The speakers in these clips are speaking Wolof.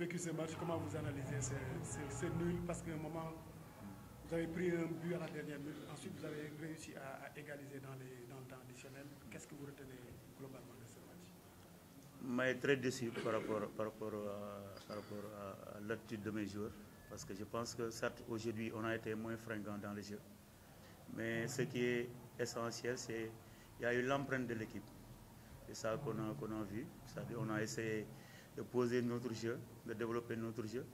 vécu ce match Comment vous analysez ce, nul Parce qu'à un moment, vous avez pris un but à la dernière minute, ensuite vous avez réussi à, égaliser dans, les, dans le temps additionnel. Qu'est-ce que vous retenez globalement de ce match Je très déçu par rapport, par rapport à, à, à l'attitude de mes Parce que je pense que certes, aujourd'hui, on a été moins fringant dans le jeux. Mais ce qui est essentiel, c'est qu'il y a eu l'empreinte de l'équipe. C'est ça qu'on a, vu. C'est-à-dire qu'on a essayé de poser notre jeu, de développer notre jeu.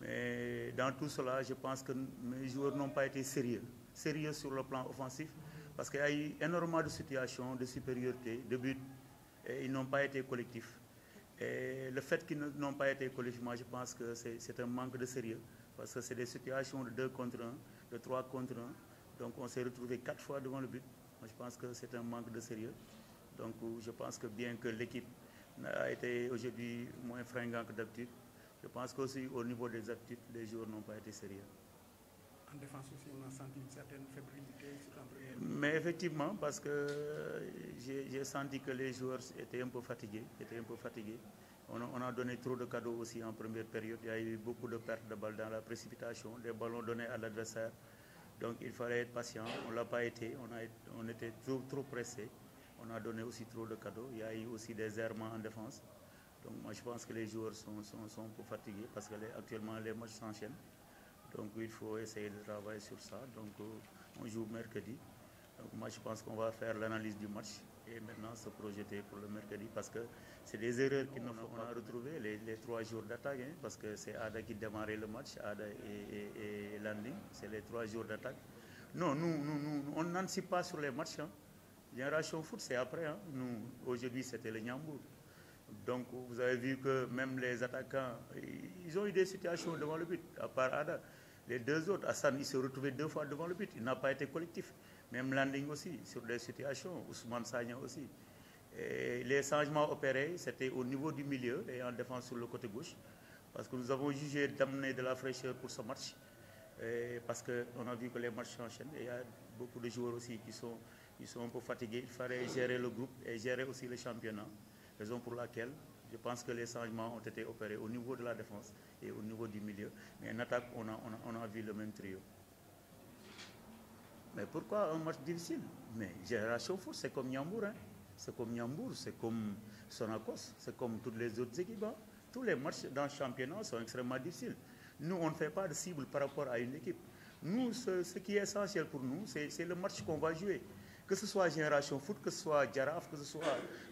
Mais dans tout cela, je pense que mes joueurs n'ont pas été sérieux. Sérieux sur le plan offensif, parce qu'il y a eu énormément de situations de supériorité, de buts, et ils n'ont pas été collectifs. Et le fait qu'ils n'ont pas été collectifs, je pense que c'est un manque de sérieux, parce que c'est des situations de 2 contre 1, de 3 contre 1. Donc on s'est retrouvé 4 fois devant le but. Moi je pense que c'est un manque de sérieux. Donc je pense que bien que l'équipe a été aujourd'hui moins fringant que d'habitude. Je pense qu'aussi au niveau des aptitudes, les joueurs n'ont pas été sérieux. En défense aussi, on a senti une certaine fébrilité sur Mais effectivement, parce que euh, j'ai senti que les joueurs étaient un peu fatigués, étaient un peu fatigués. On a, on a, donné trop de cadeaux aussi en première période. Il y a eu beaucoup de pertes de balles dans la précipitation, des ballons donnés à l'adversaire. Donc il fallait être patient. On ne l'a pas été. On, on était trop, trop On a donné aussi trop de cadeaux. y a eu aussi des errements en défense. Donc moi je pense que les joueurs sont, sont, sont parce que les, actuellement les matchs s'enchaînent. Donc il faut essayer de travailler sur ça. Donc euh, on joue mercredi. Donc moi je pense qu'on va faire l'analyse du match et maintenant se projeter pour le mercredi parce que c'est des erreurs qu'on a, a retrouvées, les, trois jours d'attaque, parce que c'est Ada qui démarrait le match, Ada et, et, et Landing, c'est les trois jours d'attaque. Non, nous, nous, nous on n'anticipe Génération fout c'est après. Hein. Nous, aujourd'hui, c'était le Nyambour. Donc, vous avez vu que même les attaquants, ils ont eu des situations devant le but, à part Ada. Les deux autres, Hassan, il s'est retrouvé deux fois devant le but. Il n'a pas été collectif. Même Landing aussi, sur des situations. Ousmane Sagna aussi. Et les changements opérés, c'était au niveau du milieu et en défense sur le côté gauche. Parce que nous avons jugé d'amener de la fraîcheur pour ce parce que les matchs s'enchaînent. Et il y ils sont un peu fatigués. Il fallait gérer le groupe et gérer aussi le championnat. Raison pour laquelle je pense que les changements ont été opérés au niveau de la défense et au niveau du milieu. Mais en attaque, on a, vu le même trio. Mais pourquoi un match difficile Mais Génération Foot, c'est comme Niambour. Hein. C'est comme Niambour, c'est comme Sonakos, c'est comme toutes les autres équipes. Hein. Tous les matchs dans le championnat sont extrêmement difficiles. par rapport à une équipe. pour nous, c'est le match qu'on que ce soit Génération Foot, que ce soit Djaraf, que ce soit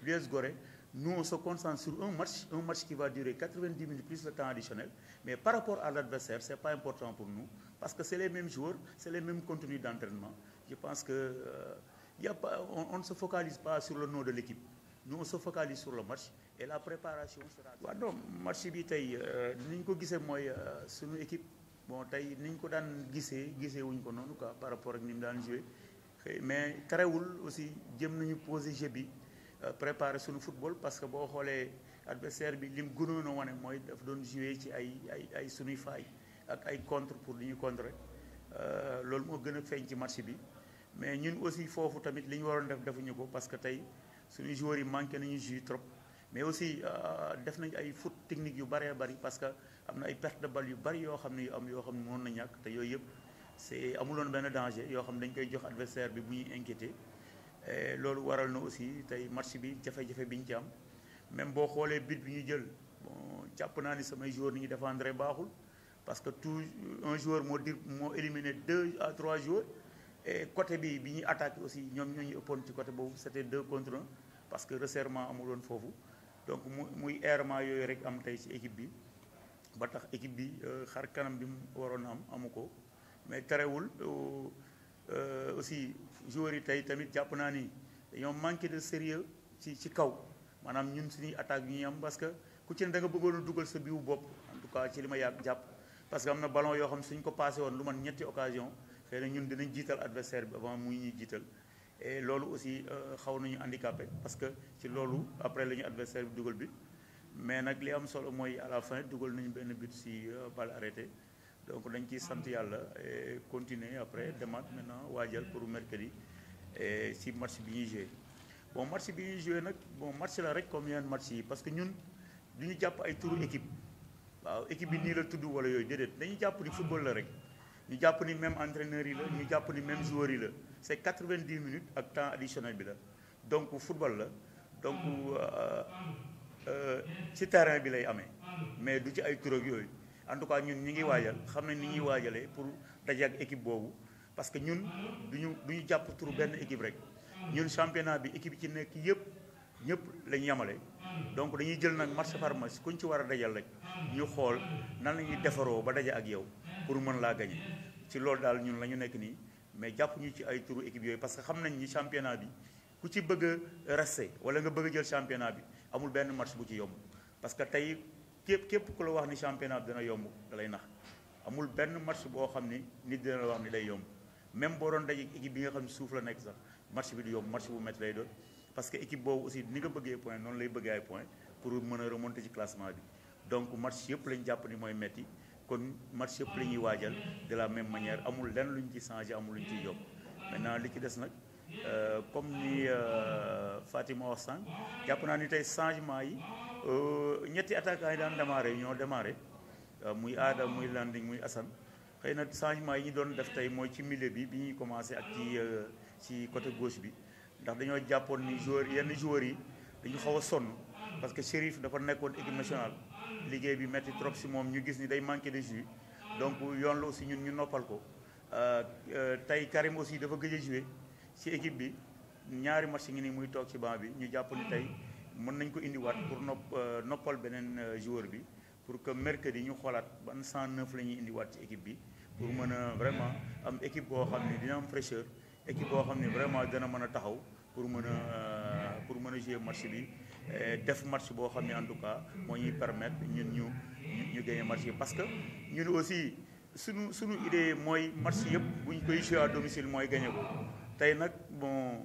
l'US Gorée, nous on se concentre sur un match, un match qui va durer 90 minutes plus le temps additionnel. Mais par rapport à l'adversaire, ce n'est pas important pour nous, parce que c'est les mêmes joueurs, c'est les mêmes contenus d'entraînement. Je pense que euh, pas, on, on ne se focalise pas sur le nom de l'équipe. Nous on se focalise sur le match et la préparation sera. waaw donc match bi tey euh, ni ñu ko gisee mooy euh, suñu équipe bon tey ni ñu ko daan gisee gisee wuñ ko noonu quoi par rapport ak ni mu daan joué. mais terewul aussi jëm nañu posé jeu bi euh, préparer suñu football parce que boo xoolee adversaire bi lim gënoon a wane mooy daf doon jouer ci ay ay ay suñuy faay ak ay contre pour li ñu contrer euh, loolu moo gën a feeñ ci match bi mais ñun aussi foofu tamit li ñu waroon def defuñu ko parce que tey suñu joueurs yi manqué nañu jus trop mais aussi euh, def nañ ay foot technique yu bëree bëri parce que am na ay perte de balle yu bëri yoo xam ne yu am yoo xam ne mën na te yooyu yëpp c'est amuloon benn danger yoo xam ne dañ koy jox adversaire bi bu ñuy inquiété loolu waral na aussi tey match bi jafe-jafe bi ñu ci am même boo xoolee but bi ñu jël bon jàpp naa ni samay joueurs ni ñu défendre baaxul parce que tout un joueur moo dir moo éliminé deux à trois jours et côté bi bi ñuy attaqué aussi ñoom ñoo ñu ëppoon ci côté boobu c'était deux contre parce que resserrement amuloon foofu donc mu muy errement yooyu rek am tey ci équipe bi ba tax équipe bi euh, xar kanam bi mu waroon am amu ko mais terewul euh, euh, aussi joueurs yi tey tamit jàpp naa ni dañoo manqué de sérieux ci ci kaw maanaam ñun suñuy attaque yu ñuy am parce que ku ci ne da nga bëggoon dugal sa biwu bopp en tout cas ci li ma yàgg jàpp parce que am na ballon yoo xam suñ ko passé woon lu man ñetti occasion xëy ñun dinañ jiital adversaire bi avant muy ñuy jiital e loolu aussi euh, xaw nañu handicapé parce que ci loolu après la ñu adversaire bi dugal bi mais nag li am solo mooy à la fin dugal nañu benn but si balle arrêté donc dañ ci sant yàlla et continuer après demaat maintenant waajal pour mercredi e si match bi ñuy joué bon match bi ñuy joué nag bon match la rek comme yeneen match yi parce que ñun du ñu ay turu waaw équipe bi nii la tudd wala yooyu déedéet dañu jàpp ni football la rek ñu jàpp ni même entraîneur yi la ñu jàpp ni même joueur yi la c' est 90 minutes ak temps additionnel bi la donc football la donc euh, euh, ci terrain bi lay amee mais du ci ay tur ak yooyu. en tout cas ñun ñu ngi waajal mm. xam nañ ni ñuy mm. waajalee pour daje ak équipe boobu parce que ñun ñu du ñu jàpp turu benn équipe rek ñun championnat bi équipe bi ci nekk yëpp ñëpp lañu yamale donc dañuy jël nag match par match kuñ ci war a dajal rek ñu xool nan la ñuy defaroo ba daje ak yow pour mën laa gañe ci loolu daal ñun la ñu nekk nii mais jàpp ñu ci ay turu équipe yooyu parce que xam nañ ni championnat bi ku ci bëgg a resté wala nga bëgg jël championnat bi amul benn match bu ci yomb képp képp ku la wax ni championnat bi yomb da lay nax amul benn match boo xam ni nit dina wax ni day yomb même boo doon daje équipe bi nga xam ne suuf la nekk sax match bi du yomb match bu métti lay doon parce que équipe boobu aussi ni nga bëggee point noonu lay bëggee ay point pour mën a remonter ci classement bi donc match yëpp lañ jàpp ni mooy métti kon match yëpp la ñuy waajal de la même manière amul lenn ñu ci changé amul luñ ciy yokk maintenant li ci des nag euh, comme ni euh, Fatima wax sànq jàpp naa ni tey changement yi Euh, ñetti attaquant yi daan démarré ñoo démarré euh, muy aada muy landing muy asan xëy na changement yi ñu doon def tey mooy ci milieu bi bi ñuy commencé ak ci euh, ci côté gauche bi ndax dañoo jàppoon ni joueur yenn joueurs yi dañu xaw sonn parce que Chérif dafa nekkoon équipe nationale liggéey bi métti trop si moom ñu gis ni day manqué de jus donc yoon la aussi ñun ñu noppal ko tey Karim aussi dafa gëj a joué si équipe bi ñaari match ngi ni muy toog ci banc bi ñu jàpp mën nañ ko indiwaat pour nopp euh, noppal beneen euh, joueur bi pour que mercredi ñu xoolaat ban 109 la ñuy indiwaat ci équipe bi pour mën a vraiment am équipe boo xam ne dina am fraîcheur équipe boo xam ne vraiment dana mën a taxaw pour mën a euh, pour mën a jouer match bi def match boo xam ne en tout cas moo ñuy permettre ñun ñu ñu gagner match bi parce que ñun aussi sunu suñu idée mooy match yëpp bu ñu koy jouer à domicile mooy gagner ko tey nag bon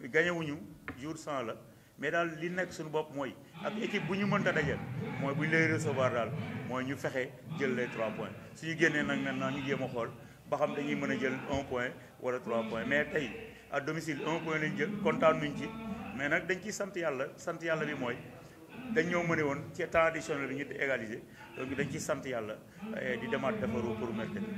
gañewuñu jour sans la mais daal li nekk suñu bopp mooy ak équipe bu ñu mënta dajal mooy bu ñu lay recevoir daal mooy ñu fexe jël les trois points suñu génnee nag maintenant ñu jéem a xool ba xam dañuy mën a jël un point a trois points mais tey à domicile un point lañ jël kontaan nuñ ci mais nag dañ ciy sant yàlla sant yàlla bi mooy dañ ñoo ne woon ci temps additionnel bi ñu di égaliser donc dañ ciy sant yàlla eh, di demaat defaru pour mercredi